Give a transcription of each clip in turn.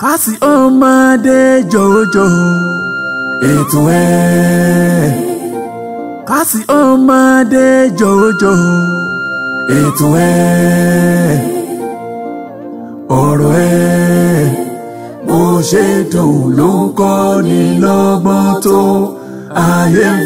Kasi ọmọdé jòjò ètò ẹ̀. kásì ọmọdé jòjò ètò ẹ̀. ọ̀rọ̀ ẹ̀ bó ṣe dùn ló ń kọ́ ni lọ́gbọ́n tó ayé ń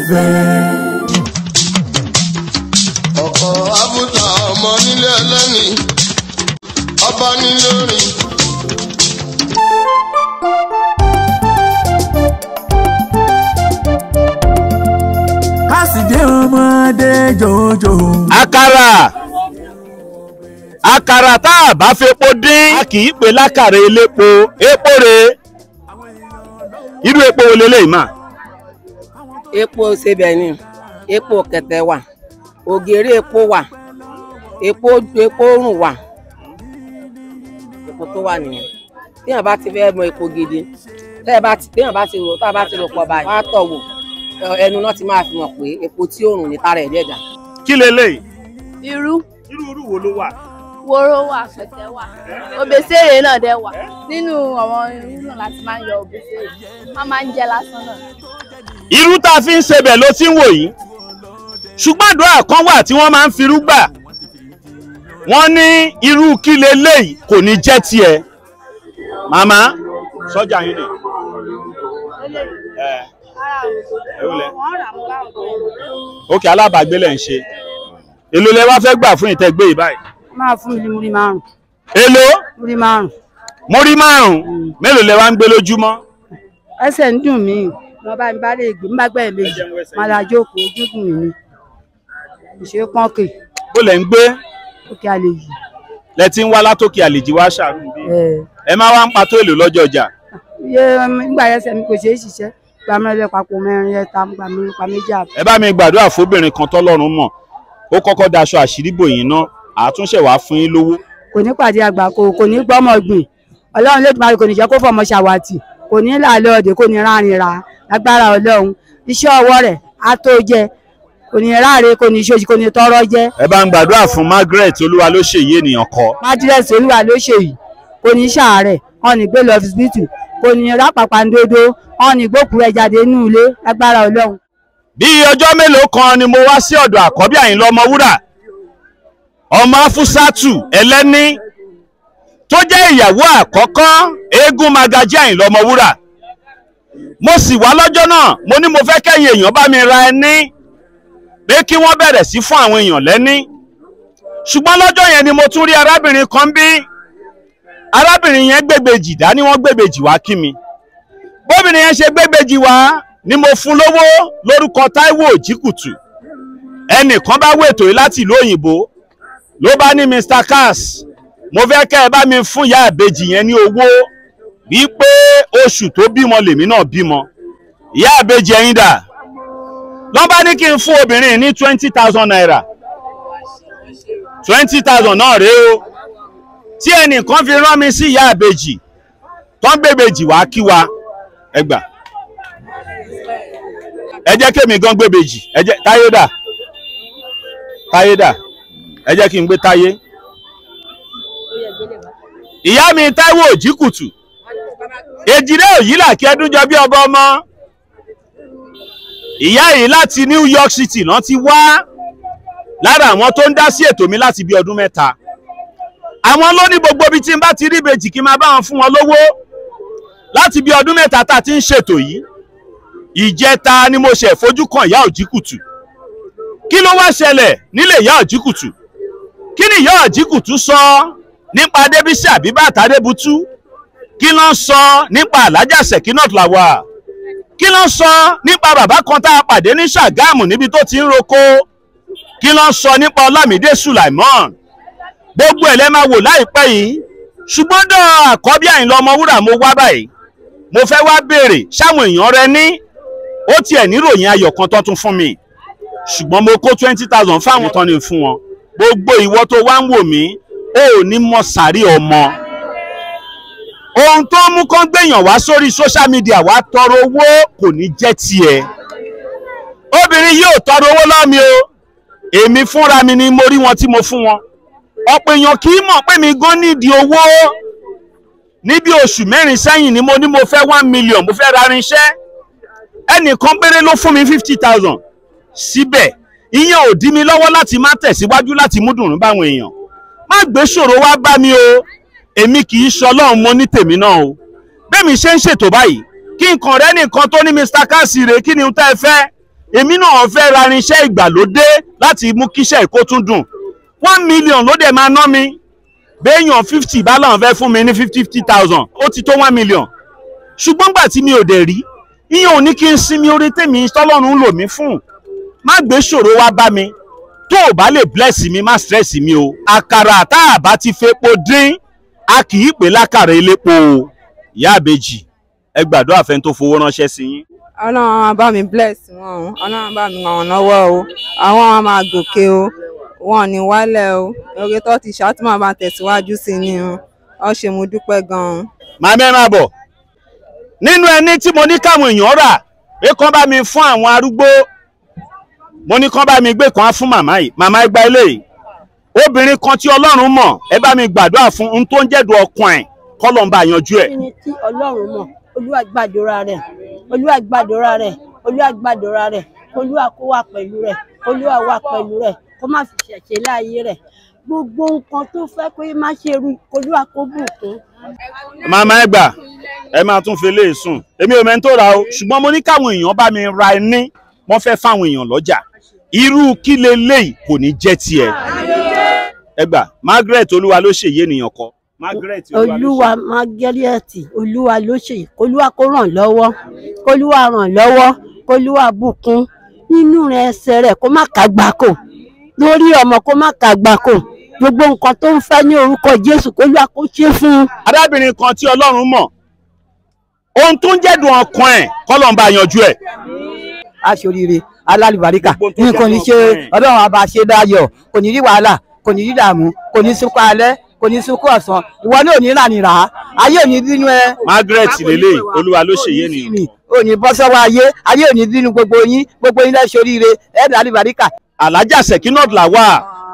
dé jòjò. àkàrà àkàrà tá a bá fepo dín a kì í pè lákàrà elépo epo re irú epo wo leléyìí epo sebẹ̀ ni epo kẹ̀tẹ̀ wà ògèrè epo wà epo epo rùn wà epo tó wà nìyẹn téèyàn bá ti fẹ́ mọ epo gidi téèyàn bá ti rò tá a bá ti rò pọ̀ báyìí wọ́n á tọ̀ wò ẹnu náà ti máa fi mọ̀ pé epo tí òrùn ní tara ẹ̀dẹ̀ dà. kí leléyìí. irú. irú irú wo ló wà. wóró wà fẹ̀tẹ̀ wà òbèsèrè náà dẹ̀ wà nínú àwọn irú náà láti máa ń yọ òbèsèrè wọ́n máa ń jẹ lásán náà. irú tá a fi ń ṣebẹ̀ ló ti ń wò yìí ṣùgbọ́n àdúrà kan wà tí wọ́n máa ń firú gbà wọ́n ní irú kí leléyìí kò ní jẹ́ tiẹ̀ màmá sọ́jà yín ni ok alábàágbé lẹ̀ ń ṣe èló lẹ wá fẹ́ gbà fún ìtẹ́gbé yìí báyìí. máa fún mi ní múrí márùn. èló. múrí márùn. múrí márùn mélòó lẹ wá ń gbé lójúmọ́. ẹsẹ̀ ń dùn mí wọn bá mi bá lè gbé nígbà gbẹ̀ méjì máa la jókòó ojúkùn mi ìṣe pọ́nkì. bó lẹ̀ ń gbé. òkè àlejò. lẹ ti ń wá látòkè àlejò wá ṣàrùn bí. ẹ má wá ń pa tó èlò lọ́jọ́ ọjà. iye nígbà yẹn sẹ́mi kò ṣeé ṣiṣẹ́ gbàmílẹ̀ papọ̀ mẹ́rin ẹ̀ta gbàmílẹ̀ pa méjì àbí. ẹ bá mi gbàdúrà fóbìnrin kan tọ́lọ́run mọ̀ ó kọ́kọ́ daṣọ àṣíríbò yìí ná àtúnṣe wàá fún yín lówó. kò ní pàdé àgbà kò kò ní gbọ́mọ gbìn ọlọ́run lẹ́dùnmá kò ní jẹ́ kó fọmọ ṣàwàtì kò ní làálẹ̀ ọ̀dẹ̀ kò ní rárin ra lágbára ọlọ́run iṣẹ́ ọwọ́ rẹ̀ á tó jẹ kò ní ráre kò ní ṣoṣì kò ní tọrọ jẹ. ẹ bá ń gbàdúrà fún Margaret olúwa ló ṣèyí ènìyàn kọ. Margaret olúwa ló ṣèyí kò ní ṣàárẹ̀ wọn ní gbé lọ fisibítù kò ní rà pàpàǹdodo wọn ní gbókù rẹ̀ jáde nínú ilé lágbára ọlọ́run. bí ọjọ́ mélòó kan ni mo wá sí ọ̀dọ̀ àkọ́bí àyìnlá ọmọwúrà ọmọ afúsátù ẹlẹ́ni tó jẹ́ ìyàwó àkọ́kọ́ eégún magají àyìnlá ọmọwúrà mo sì wá lọ́jọ́ náà mo ní mo fẹ́ kẹ́yìn èèyàn bá mi ra ẹni pé kí wọ́n bẹ̀rẹ̀ sí fún àwọn èèyàn lẹ́ni ṣùgbọ́n lọ́jọ́ yẹn ni mo tún rí arábìnrin kan bí arábìnrin yẹn gbégbèjì dání wọ́n gbégbèjì wá kí mi bóbìnrin yẹn ṣe gbégbèjì wá ni mo fún lówó lórúkọ Táíwò Òjìkùtù ẹnìkan bá wètò yìí láti ìlú òyìnbó ló bá ní Mr. Cass mo fẹ́ kẹ́ ẹ bá mi fún ìyá àbejì yẹn ní owó wípé oṣù tó bímọ lèmi náà bímọ ìyá àbejì ẹ̀yin dà ló bá ní kí n fún obìnrin ní twenty thousand naira twenty thousand náà rèé o tí ẹnìkan fi rán mi sí ìyá àbèjì tó ń gbèbèjì wá kí wa ẹgbà ẹ jẹ́ kémi gan gbèbèjì ẹ jẹ́ táyé dà táyé dà ẹ jẹ́ kí n gbé táyé ìyá mi táíwò òjìkùtù èjìrè òyìnlá kí ẹdún jọ bí ọba ọmọ ìyá yìí láti New York City náà ti wá lára àwọn tó ń dá sí ètò mi láti bí ọdún mẹ́ta àwọn ló ní gbogbo ibi tí n bá ti rí ìbejì kí n máa bá wọn fún wọn lówó láti bí ọdún mẹ́ta tá a ti ń ṣètò yìí ìjẹta ni mo ṣe fojú kan ìyá òjìkùtù kí ló wá ṣẹlẹ̀ nílé ìyá òjìkùtù kí ni ìyá òjìkùtù sọ nípa débísí àbíbá àtàdébùtú kí ló ń sọ nípa alájà Sekinat Lawal kí ló ń sọ nípa bàbá kan tá a pàdé ní Ṣàgámù níbi tó ti ń roko kí ló ń sọ nípa Ọlámídé Sulaimon gbogbo ẹ̀ lẹ́ máa wò láìpẹ́ yìí ṣùgbọ́n dọ̀ àkọ́bí Àyìnlá Ọmọwúrà mo wá báyìí mo fẹ́ wá béèrè ṣáwọn èèyàn rẹ ní ó tiẹ̀ níròyìn ayọ̀ kan tó fún mi ṣùgbọ́n mo kó twenty thousand fáwọn tán ni fún wọn gbogbo ìwọ tó wá ń wò mí ó ní mọ sàárì ọmọ ohun tó mú kán gbèyàn wá sórí social media wá tọrọ owó kò ní jẹ́ tiẹ̀ obìnrin yóò tọrọ owó lọ́mi o èmi fúnra mi ni mo rí wọn tí mo fún wọn ọ̀pọ̀ èèyàn kì í mọ̀ pé mi gan nídìí owó níbi oṣù mẹ́rin sẹ́yìn ni mo ní mo fẹ́ one million mo fẹ́ ra irinṣẹ́ ẹnìkan péré ló fún mi fifty thousand síbẹ̀ ìyẹn ò dí mi lọ́wọ́ láti má tẹ̀síwájú láti mú dùnrún báwọn èèyàn má gbé ṣòro wá bá mi o èmi kì í ṣọlọ́run mo ní tèmi náà o bẹ́ẹ̀mi ṣe ń ṣètò báyìí kí nǹkan rẹ nìkan tó ní Mr. Kasire kí ni tẹ́ ẹ fẹ́ èmi náà fẹ́ ra irinṣẹ́ ìgbàlódé láti mú kíṣẹ́ ìkó tún dùn one million ló dẹ̀ máa ná mi béèyàn fifty bá láwọn fẹ́ fún mi ní fifty fifty thousand ó ti tó one million ṣùgbọ́n gbà tí mi ò dẹ̀ rí ìyẹn ò ní kí n sinmi orí tèmi tọ́lọ́run lò mí fún má gbé ṣòro wá bá mi tó o bá lè bless mi má stress mi o àkàrà tá a bá ti fepo dín a kì í pè lákàrà elépo o ìyá àbèjì ẹ gbàdúrà fẹ́ni tó fowó ránṣẹ́ sí yín. ọlọ́run á bá mi bless wọn o ọlọ́run á bá mi ràn wọ́n lọ́wọ́ o àwọn á máa gòkè o wọn ní wálẹ̀ o oore tó ti ṣàtúmọ̀ máa tẹ̀síwájú sí ni o ọ ṣe mo dúpẹ́ gan-an. màá mẹ́rin àbọ̀ nínú ẹni tí mo ní káwọn èèyàn rà pé kán bá mi fún àwọn arúgbó mo ní kán bá mi gbé kan fún màmá yìí màmá ẹgbà ilé yìí obìnrin kan tí ọlọ́run mọ̀ ẹ bá mi gbàdúrà fún un tó ń jẹ̀dùn ọkàn ẹ̀ kọ́lọ̀ ń bá yanjú ẹ̀. olúwa gbàdúrà rẹ̀ olúwa gbàdúrà rẹ̀ olúwa kó wà pẹ̀lú rẹ̀ olúwa wà pẹ̀lú rẹ̀ kó má fi ṣẹ̀ṣẹ̀ láàyè rẹ̀ gbogbo nǹkan tó fẹ́ kó má ṣe ru olúwa kó bùkún. màmá ẹ gbà ẹ máa tún fi lè sùn èmi ò mẹ́ni tó ra o ṣùgbọ́n mo ní káwọn èèyàn bá mi ra ẹní wọ́n fẹ́ fáwọn èèyàn lọ́jà irú kí leléyìí kò ní jẹ́ tiẹ̀ ẹ gbà Margaret olúwa ló ṣèyí ènìyàn kọ́ olúwa Margaret olúwa ló ṣe olúwa kó ràn lọ́wọ́ kólúwa ràn lọ́wọ́ kólúwa bùkún nínú rẹ̀ ẹsẹ̀ rẹ̀ kó má kàgbákò lórí ọmọ kó má kàgbákò gbogbo nǹkan tó ń fẹ́ ní orúkọ Jésù kó yá kó ṣe fún un. arábìnrin kan tí Ọlọ́run mọ̀ ohun tó ń jẹ́dùn ọkàn ẹ̀ kọ́lọ́n bá yanjú ẹ̀. aṣoríire alálùbáríkà nǹkan ní ṣe Ọlọ́run àbá ṣe dáyọ̀ kò ní rí wàhálà kò ní rí dààmú kò ní sunkún alẹ́ kò ní sunkún ọ̀sán ìwọ náà ò ní rà nìrà ayé ò bínú ẹ. Margaret lélẹ̀ olúwa ló ṣèyé nìyí. ò ní ayé ayé ò bínú gbogbo yín gbogbo yín lẹ́ṣoríire ẹ̀ẹ́dàlùbáríkà alájà Sekinat làwà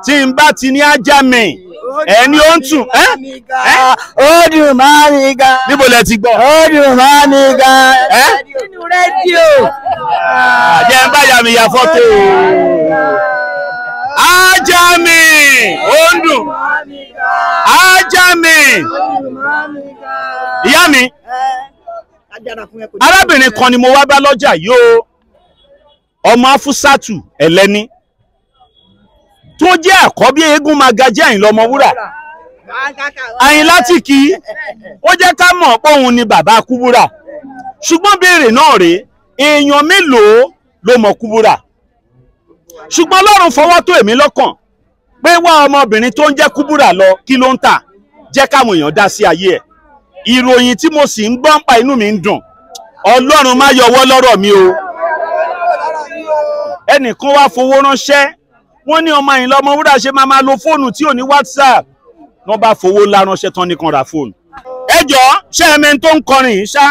tí n bá ti ní ajá mi ẹni ó ń tún ẹ́ ó dùn máa mi ga níbo lẹ ti gbọ́ ó dùn máa mi ga ẹ́ nínú rédíò ah, jẹ́ ń bá yà mí ya fọ́tò ajá mi ó ń dùn ajá mi ìyá mi arábìnrin kan ni mo wá bá lọ́jà yìí o ọmọ afúsàtù ẹlẹ́ni tó jẹ́ àkọ́bí eégún magají àyìnlá ọmọwúrà àyìnlá Tìkì ó jẹ́ ká mọ̀ pé òun ni bàbá kúbúrà ṣùgbọ́n béèrè náà rèé èèyàn mélòó ló mọ̀ kúbúrà ṣùgbọ́n ọlọ́run fọwọ́ tó èmi lọ́kàn pé wá ọmọbìnrin tó ń jẹ́ kúbúrà lọ kí ló ń tà jẹ́ káwọn èèyàn dá sí ayé ẹ̀ ìròyìn tí mo sì ń gbọ́ ń pa inú mi ń dùn ọlọ́run má yọwọ́ lọ́rọ̀ mi o ẹnìkan wá fowó ránṣẹ́ wọ́n ní ọmọ Àyìnlá Ọmọwúrà ṣe máa máa lo fóònù tí ò ní WhatsApp wọ́n bá fowó ńlá ránṣẹ́ tán nìkan ra fóònù. ẹ jọ̀ọ́ ṣé ẹ mẹ́ni tó ń kọrin yìí ṣá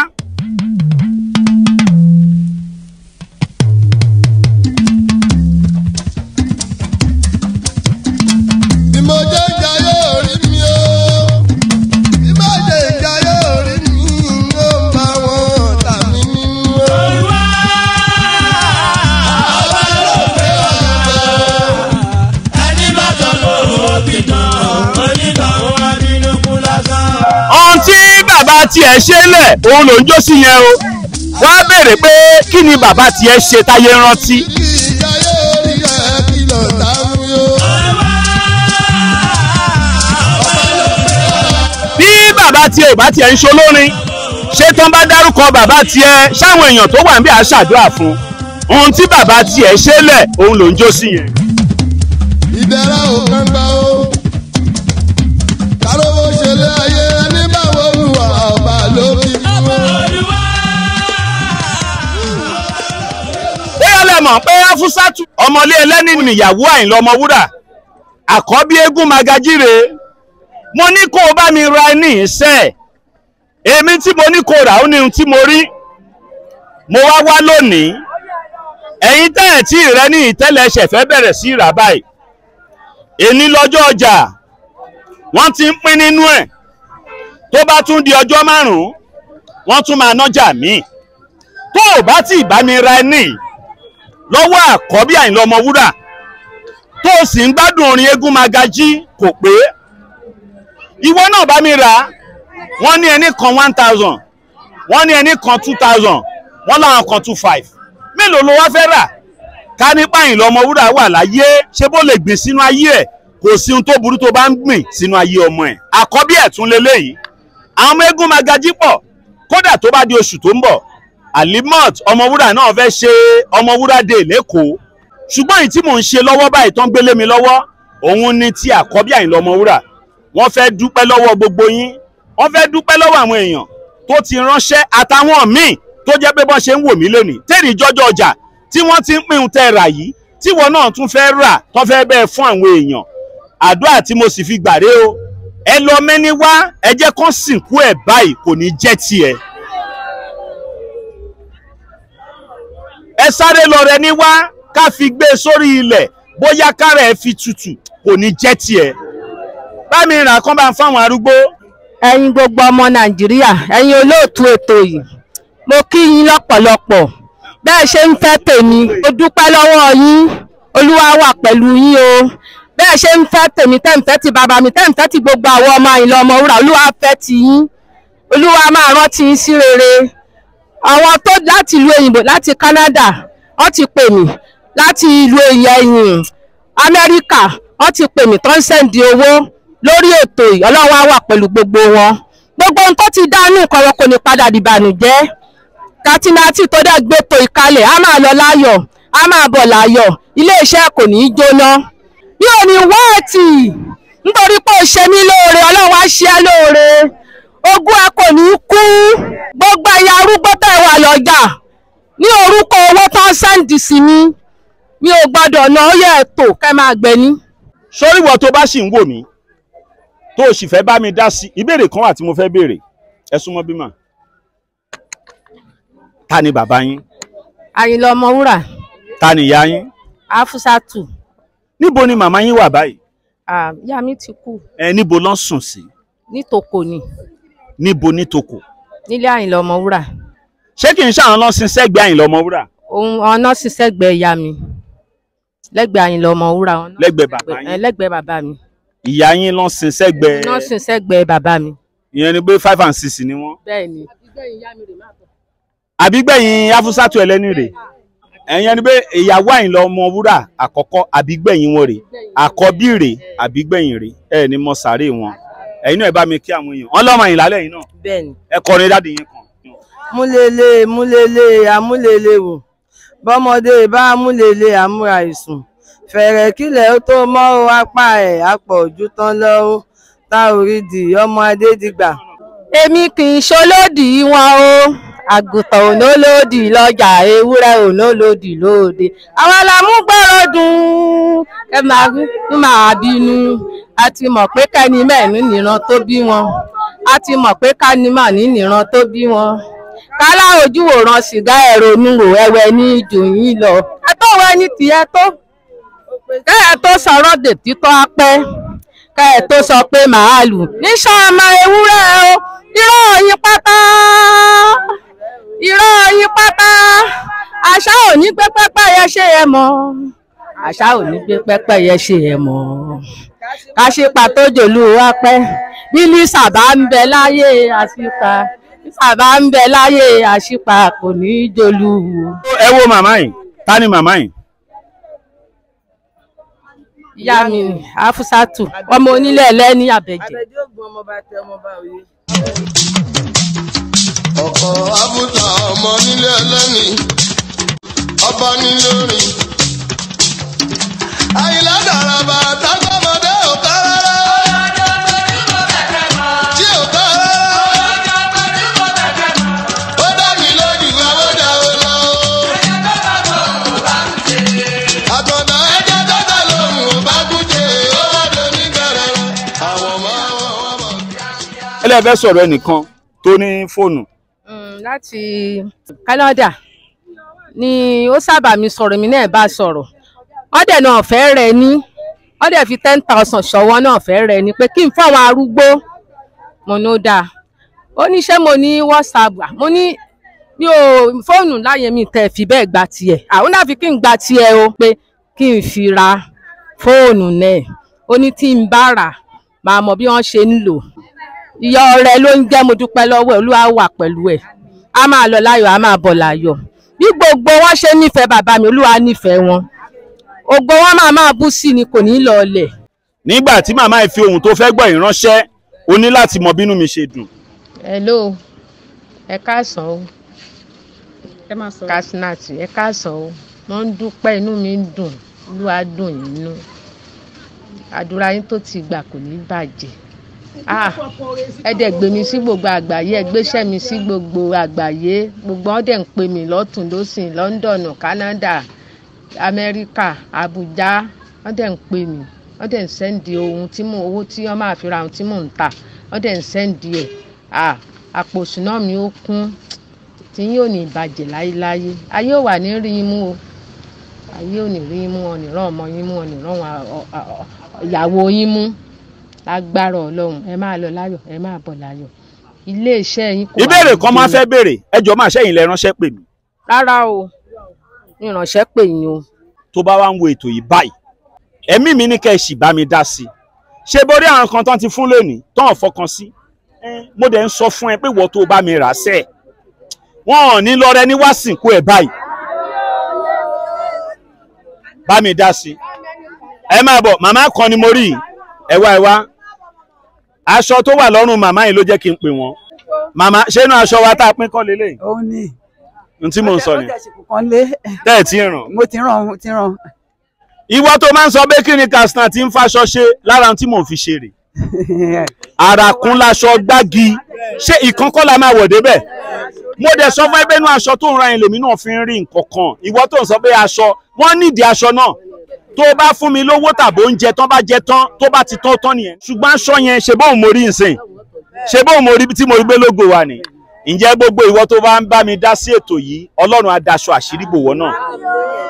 tiẹ̀ ṣe lẹ̀ òun ló ń jó sí yẹn o wọ́n á béèrè pé kí ni bàbá tiẹ̀ ṣe táyé rántí. bí bàbá tiẹ̀ ò bá tiẹ̀ ń ṣolórin ṣé tán bá dárúkọ bàbá tiẹ̀ ṣáwọn èèyàn tó wà ń bí a fún ohun tí bàbá tiẹ̀ ṣe lẹ̀ òun ló ń jó sí yẹn. ìdára ò kán gbà ó. ẹ mọ̀ pé afúsátù ọmọlé ẹlẹ́ni nìyàwó àyìnlá ọmọwúrà àkọ́bí eégún magajire mo ní kó o bá mi ra ní ìṣẹ́ èmi tí mo ní kó rà ó ní ohun tí mo rí mo wá wá lónìí ẹ̀yin tẹ́ ẹ̀ tí rẹ ní ìtẹ́lẹ̀ ẹsẹ̀ fẹ́ bẹ̀rẹ̀ sí rà báyìí èní lọ́jọ́ ọjà wọ́n ti ń pín nínú ẹ̀ tó bá tún di ọjọ́ márùn-ún wọ́n tún máa nájà míì tó o bá ti bá mi ra ẹ níyì lọ́wọ́ àkọ́bí Àyìnlá Ọmọwúrà tó o sì ń gbádùn orin eégún magají kò pé ìwọ náà bá mi rà wọ́n ní ẹni kan one thousand wọ́n ní ẹni kan two thousand wọ́n láwọn kan two five mélòó ló wá fẹ́ rà ká nípa Àyìnlá Ọmọwúrà wà láyé ṣé bó lè gbìn sínú ayé ẹ̀ kò sí ohun tó burú tó bá ń gbìn sínú ayé ọmọ ẹ̀ àkọ́bí ẹ̀ tún lélẹ́yìí àwọn ọmọ eégún magají pọ̀ kódà tó bá di oṣù tó ń bọ̀ alimot ọmọwúrà náà fẹ́ ṣe ọmọwúrà dé lẹ́kọ̀ọ́ ṣùgbọ́n èyí tí mò ń ṣe lọ́wọ́ báyìí tán gbélé mi lọ́wọ́ òun ni ti àkọ́bí àyìnlá ọmọwúrà wọ́n fẹ́ dúpẹ́ lọ́wọ́ gbogbo yín wọ́n fẹ́ dúpẹ́ lọ́wọ́ àwọn èèyàn tó ti ránṣẹ́ àtàwọn míì tó jẹ́ pé bọ́n ṣe ń wò mí lónìí tẹ́rì jọjọ ọjà tí wọ́n ti ń pín un tẹ́ rà yìí tí wọn náà tún fẹ́ rà tó fẹ́ bẹ́ẹ̀ fún àwọn èèyàn àdúrà tí mo sì fi gbàré o ẹ lọ mẹ́ni wá ẹ jẹ́ kán sìnkú ẹ̀ báyìí kò ní jẹ́ tiẹ̀. ẹ sáré lọ rẹ ní wá ká fi gbé e sórí ilẹ̀ bóyá kára ẹ fi tutù kò ní jẹ́ tiẹ̀ bámi ràn kán bá ń fáwọn arúgbó. ẹyin gbogbo ọmọ nàìjíríà ẹyin olóòtú ètò yìí mo kí yín lọ́pọ̀lọpọ̀ bẹ́ẹ̀ ṣe ń fẹ́ tèmi ó dúpẹ́ lọ́wọ́ yín olúwa wà pẹ̀lú yín o bẹ́ẹ̀ ṣe ń fẹ́ tèmi tẹ́ǹfẹ́ ti bàbá mi tẹ́ǹfẹ́ ti gbogbo àwọn ọmọ Àyìnlá Ọmọwúrà olúwa fẹ́ ti yín olúwa máa rántí yín sí rere àwọn tó láti ìlú òyìnbó láti Canada wọ́n ti pè mí láti ìlú ẹ̀yìn Amẹ́ríkà wọ́n ti pè mí tó owó lórí ètò wà pẹ̀lú gbogbo wọn gbogbo nǹkan ti dánú nǹkan wọn kò ní padà dìbànújẹ́ katinati tó a máa lọ láyọ̀ a máa bọ̀ láyọ̀ iléeṣẹ́ kò ní í jóná bí ò ní nítorí pé ó ṣe mí lóore gbogbo ẹ̀yà arúgbó lọ́jà ní orúkọ owó tó ń sẹ́ǹdì sí mi mi ò gbọ́dọ̀ ná ọyẹ ètò kẹ́ máa gbẹ ní. sórí ìwọ tó bá sì ń wò mí tó o sì fẹ́ bá mi dá sí ìbéèrè kan wà tí mo fẹ́ béèrè ẹ súnmọ́ bímọ ta ni bàbá yín. àyìnlá ọmọwúrà. ta ni ìyá yín. afusatu. níbo ni màmá yín wà báyìí. ìyá mi ti kú. ẹ níbo ló sùn sí. ní ni. níbo ní toko. nílé àyìnlá ọmọwúrà ṣé kì í ṣe àwọn nọ́ọ̀sì sẹ́gbẹ̀ẹ́ Àyìnlá Ọmọwúrà. òun àwọn nọ́ọ̀sì sẹ́gbẹ̀ẹ́ ìyá mi lẹ́gbẹ̀ẹ́ Àyìnlá Ọmọwúrà. lẹ́gbẹ̀ẹ́ bàbá yín eh, lẹ́gbẹ̀ẹ́ bàbá mi. ìyá yín nọ́ọ̀sì sẹ́gbẹ̀ẹ́. nọ́ọ̀sì sẹ́gbẹ̀ẹ́ bàbá mi. ìyẹn ni pé five and six ni wọ́n. bẹ́ẹ̀ni. àbígbẹ̀yìn afúsàtú ẹlẹ́ni rè ẹ̀yẹn ni pé ìyàwó Àyìnlá Ọmọwúrà àkọ́kọ́ àbígbẹ̀yìn wọn rè àkọ́bí rè àbígbẹ̀yìn rè ẹ̀ ni mo sàárè wọn ẹ̀yin náà ẹ bá mi kí àwọn èèyàn ọlọ́mọ Àyìnlá lẹ́yìn náà ẹ kọrin dáàdi yín kan múlẹ̀lẹ̀ múlẹ̀lẹ̀ amúlẹ̀lẹ̀ wò bọ́mọdé bá múlẹ̀lẹ̀ amúra ìsùn fẹ̀rẹ̀ kílẹ̀ ó tó mọ́ ó apá ẹ̀ àpọ̀jù tán lọ́wọ́ tá ò rí di ọmọ adédìgbà. èmi kì í ṣolódì wọn o àgùntàn ònólódì lọ́jà ewúrẹ́ ònólódì lóde àwọn làmúgbọ́rọ̀ dùn ẹ máa bínú a ti mọ̀ pé kẹ́ni mẹ́ẹ̀ẹ́nú nìran tó bí wọn a ti mọ̀ pé ká mà ní nìran tó bí wọn kálá ojú òran sìgá ẹ̀rọ nu ò ní dùn lọ. ẹ tó wọ ẹni tìyẹ tó kẹ́ẹ̀ tó sọ̀rọ̀ dètí tó á pẹ́ kẹ́ẹ̀ tó sọ pé màálù níṣẹ́ ọmọ ewúrẹ́ o irọ́ yín pátá irọ́ yín pátá àṣà ò ní gbé pẹ́pẹ́ yẹ ṣe é mọ́ àṣà ò ní gbé pẹ́pẹ́ yẹ ṣe é mọ́ káṣípa tó jòlú wa pẹ́ bílí sábà ń bẹ láyé àṣìpa bàbá ń bẹ láyé àṣìpà kò ní í dolú. ẹ wo màmá yìí ta ni màmá yìí. ìyá mi ni afusatu ọmọ onílẹ̀ lẹ́ni àbẹ̀jẹ̀. ọkọ abuta ọmọ nílẹ̀ ẹlẹ́ni ọba nílẹ̀ orin àyìnlá dàrá bàtà ẹ fẹ́ sọ̀rọ̀ ẹnìkan tó ní fóònù. Mm, láti Canada ni ó sábà mi sọ̀rọ̀ mi náà bá sọ̀rọ̀ ọ̀dẹ̀ náà fẹ́ rẹ̀ ní ọ̀dẹ̀ fi ten thousand ṣọwọ́ náà fẹ́ rẹ̀ ní pé kí n fáwọn arúgbó mo ní ó dáa ó ní ṣé mo ní WhatsApp mo ní mi ò fóònù láyé mi tẹ̀ fi bẹ́ẹ̀ gba tiẹ̀ àwọn náà fi kí n gba tiẹ̀ o pé kí n fi ra fóònù náà ó ní tí n bá rà máa mọ bí wọ́n ṣe ń lò ìyá ọrẹ ló ń jẹ́ mo dúpẹ́ lọ́wọ́ ẹ̀ olúwa wà pẹ̀lú ẹ̀ a máa lọ láyọ̀ a máa bọ̀ láyọ̀ bí gbogbo wọn ṣe nífẹ̀ẹ́ bàbá mi olúwa nífẹ̀ẹ́ wọn ògbó wọn máa máa bú sí ni kò ní lọ ọlẹ̀. nígbà tí màmá ẹ fi ohun tó fẹ́ gbọ́ ìránṣẹ́ o ní láti mọ bínú mi ṣe dùn. hello ẹ káàsán o kasinati ẹ káàsán o wọ́n ń dúpẹ́ inú mi ń dùn olúwa dùn yín nú àdúrà yín tó ti gbà kò ní bàjẹ́. Ah, ẹ dẹ̀ gbé mi sí gbogbo àgbáyé ẹ gbéṣẹ́ mi sí gbogbo àgbáyé gbogbo wọn ń pè mí lọ́tún lọ́sìn London Canada America Abuja wọn dẹ̀ ń pè mí wọn dẹ̀ ń sẹ́ndì ohun tí mò owó tí wọn máa fi ra ohun tí mò ń tà wọn dẹ̀ ń sẹ́ndì ẹ̀ àpò òṣùnà mi ó kún tí yóò ní ìbàjẹ́ láéláé ayé ò wà ní rí mú o ayé ò ní rí mú ọ̀nìrán ọmọ yín mú ọ̀nìrán ìyàwó yín mú lágbára ọlọ́run ẹ máa lọ láyọ̀ ẹ máa bọ̀ láyọ̀ ilé iṣẹ́ yín kò wá. ìbéèrè kan máa fẹ́ béèrè ẹjọ́ máa ṣẹ́yìn lẹ ránṣẹ́ pè mí. rárá o ìránṣẹ́ pè yín o. tó bá wá ń wo ètò yìí báyìí ẹ̀mí mi ní kẹ́ bá mi dá sí i ṣé borí àwọn kan tán ti fún lónìí tán ò fọkàn sí mo dẹ̀ ń sọ fún ẹ pé wọ́n tó bá mi rà sẹ́ẹ̀ wọn ò ní lọ rẹ ní wá sìnkú ẹ̀ báyìí bá mi dá sí i ẹ máa bọ̀ màmá kan ni mo rí ẹ wá ẹ wá aṣọ tó wà lọ́rùn màmá yìí ló jẹ́ kí n pè wọ́n màmá ṣé inú aṣọ wa tá a pín kọ́ lélẹ̀ yìí. ó ní. n tí mò ń sọ ni. tẹ́ ẹ̀ ti ràn. mo ti ràn mo ti ràn. ìwọ tó máa ń sọ pé kí ni Katsina ti ń faṣọ ṣe lára tí mò ń fi ṣe rè. àràkún laṣọ gbági ṣé ìkánkọ́ la máa wọ̀ débẹ̀. mo dẹ̀ sọ fún ẹgbẹ́ inú aṣọ tó ń ra yẹn lèmi náà fi ń rí nǹkan kan ìwọ tó ń sọ pé aṣọ wọ́n nídìí aṣọ náà tó bá fún mi lówó tàbí oúnjẹ tán bá jẹ tán tó bá ti tán tán nìyẹn ṣùgbọ́n aṣọ yẹn ṣe bóun mo rí nsìn ṣe bóun mo rí tí mo rí gbé lógo wa ni ǹjẹ́ gbogbo ìwọ tó bá ń bá mi dá sí ètò yìí ọlọ́run á daṣọ àṣírí bòwọ́ náà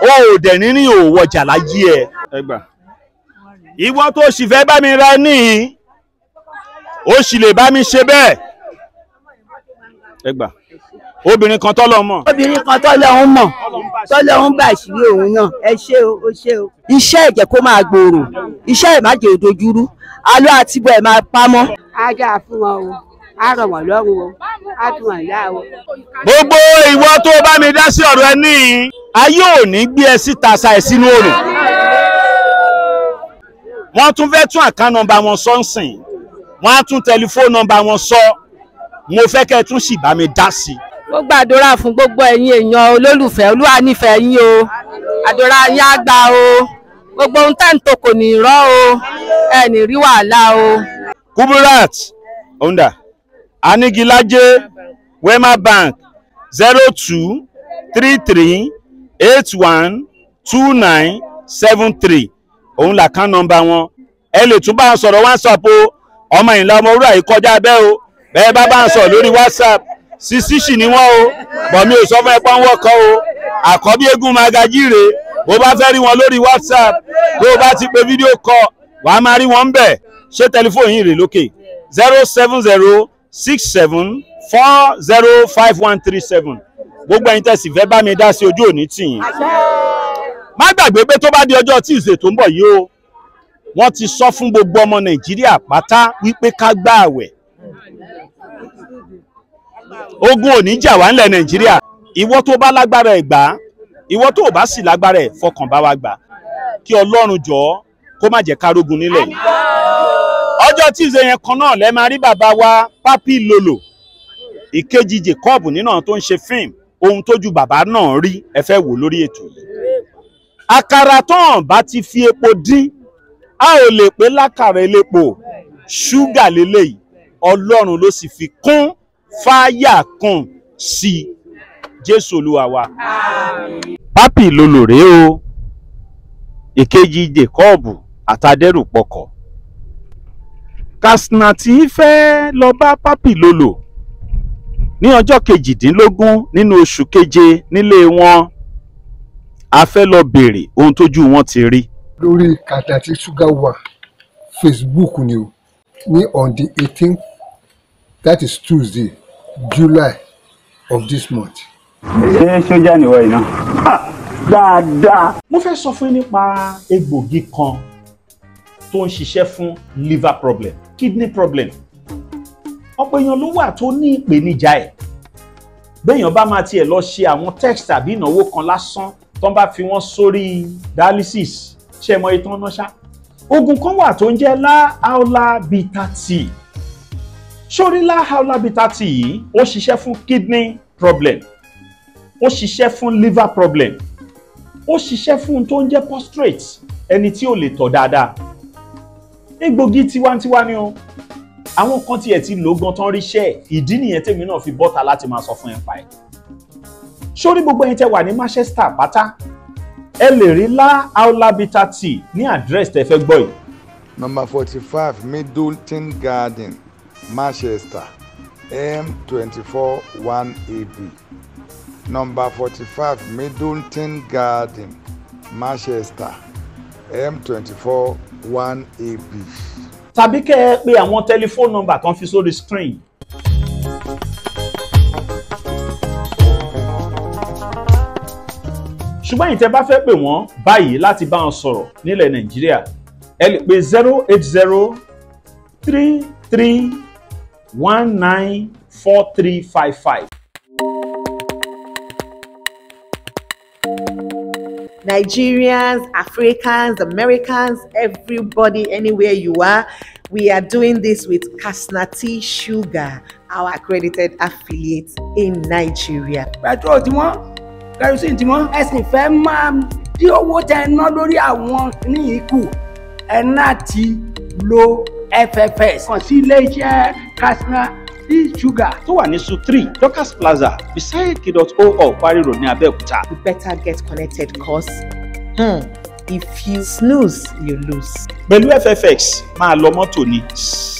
ó ò dẹ̀ nínú òwò ọjà láyé ẹ. ìwọ tó sì fẹ́ bá mi ra níyì ó sì lè bá mi ṣe bẹ́ẹ̀ obìnrin kan tọ́lọ̀ mọ̀. obìnrin kan tọ́lọ̀ ń mọ̀ tọ́lọ̀ ń bà sí òun náà ẹ ṣé o ẹ ṣé o. iṣẹ́ ẹ̀jẹ̀ kó máa gbòòrò iṣẹ́ ẹ̀ má jẹ́ òdojúrú alọ́ àti bọ̀ ẹ̀ máa pamọ́. a dáa fún wọn o a rọ̀ wọ́n lọ́rùn o a tún wọn yá o. gbogbo ìwọ tó bá mi dá sí ọ̀rọ̀ ẹ níyìn ayé ò ní gbé ẹ síta sa ẹ sínú òrùn wọ́n tún fẹ́ tún àkán nọ́mbà wọn sọ ń wọ́n á tún tẹlifóònù nọ́mbà wọn sọ mo fẹ́ kẹ́ ẹ tún sì bá mi dá sí i ó gbàdúrà fún gbogbo ẹ̀yin èèyàn olólùfẹ́ olúwa nífẹ̀ẹ́ yín o àdúrà yín á o gbogbo ohun tẹ́ ń tò kò ní rọ́ o ẹ ní rí wàhálà o. Kuburat onda anigilaje Wema Bank zero two three three eight one two nine seven three òun làkàn nọ́mbà wọn ẹ lè tún bá wọn sọ̀rọ̀ whatsapp o ọmọ ìlànà ọmọ òwúrọ̀ yìí kọjá bẹ́ẹ̀ o bẹ́ẹ̀ bá bá wọn sọ̀rọ̀ lórí whatsapp sísísì ni wọ́n o bọ̀mí ò sọ fún ẹ pọ́n wọ́kọ́ o àkọ́bí eégún magají rè bó bá fẹ́ rí wọn lórí whatsapp tó bá ti pe fídíò kọ wà á máa rí wọn bẹ̀ ṣé tẹlifóònù yìí rè lókè zero seven zero six seven four zero five one three seven gbogbo ẹ̀yin tẹ̀sí fẹ́ bá mi dá sí ojú òní tì yín má gbàgbé pé tó bá di ọjọ́ Tuesday tó ń bọ̀ yìí o wọ́n ti sọ fún gbogbo ọmọ Nàìjíríà pátá wípé ká gbààwẹ̀ ogun ò ní jà wá ńlẹ̀ nàìjíríà ìwọ tó bá lágbára ẹ̀ gbà ìwọ tó bá sì lágbára ẹ̀ fọkàn bá wa gbà kí ọlọ́run jọ kó má jẹ́ kárógun nílẹ̀ yìí ọjọ́ tíze yẹn kan náà lẹ́ máa rí bàbá wa Papi Lolo ìkejì Jacob nínú tó ń ṣe fíìmù ohun tójú bàbá náà rí ẹ fẹ́ wò lórí ètò yìí àkàrà tán bá ti fi epo dín a ò lè pé lákàrà elépo ṣúgà lélẹ́yìí ọlọ́run ló sì fi kún fáyà kan sí i jésù olúwa wa. pápì lolòrè o èkejì jacobu àtàdẹ́rùpọkọ̀ kàsínàtì fẹ́ lọ bá pápì lolò ní ọjọ́ kejìdínlógún nínú oṣù keje nílé wọn a fẹ́ lọ béèrè ohun tójú wọn ti rí. lórí kàtàtì ṣúgà wà facebook ni o ní on the eighteenth that is Tuesday, July of this month. ṣé sójà nìwọ yìí náà. dáadáa. mo fẹ́ sọ fún yín nípa egbògi kan tó ń ṣiṣẹ́ fún liver problem kidney problem ọ̀pọ̀ èèyàn ló wà tó ní ìpèníjà ẹ̀ béèyàn bá máa tiẹ̀ lọ ṣe àwọn text tàbí ìnáwó kan lásán tó ń bá fi wọ́n sórí dialysis ṣe mọ itan náà ṣá oògùn kan wà tó ń jẹ́ láàlá bita tea ṣórílá haulabitati yìí ó ṣiṣẹ́ fún kidney problem ó ṣiṣẹ́ fún liver problem ó ṣiṣẹ́ fún tó ń jẹ́ prostrate ẹni tí ò lè tọ̀ dáadáa egbògi tiwantiwa ni o àwọn kan tiẹ̀ ti lò gan tán ríṣẹ́ ìdí nìyẹn tèmi náà fi bọ́ta láti máa sọ fún ẹ̀ pa ẹ̀ sórí gbogbo ẹ̀yin tẹ́ wà ní Manchester pátá ẹ lè rí lá haulabitati ní àdírẹ́sì tẹ́ fẹ́ gbọ́ yìí. number forty five Middleton Garden manchester m twenty four one ab number five middleton garden manchester m twenty four one ab tàbí kẹ́ ẹ pè àwọn tẹlifóònù nọ́mbà kan fi sórí screen. ṣùgbọ́n ìtẹ́ bá fẹ́ pè wọ́n báyìí láti bá wọn sọ̀rọ̀ nílẹ̀ nàìjíríà ẹ lè pè zero eight zero three three one nine four three five five. Nigerians, Africans, Americans, everybody, anywhere you are, we are doing this with Kasnati Sugar, our accredited affiliate in Nigeria. Petrol tí wọ́n, kerosene tí wọ́n, ẹ sì fẹ́ máa dí owó tẹ ẹ ná lórí àwọn ní ìkù, ẹ lo FFS. kàn sí ilé iṣẹ́ Katsina sí sugar tó wà ní su three Dorcas Plaza beside kidot o of Kwari Road ní Abẹ́òkúta. you better get connected cos hmm, if you snooze you lose. pẹ̀lú FFX máa lọ mọ́tò ni.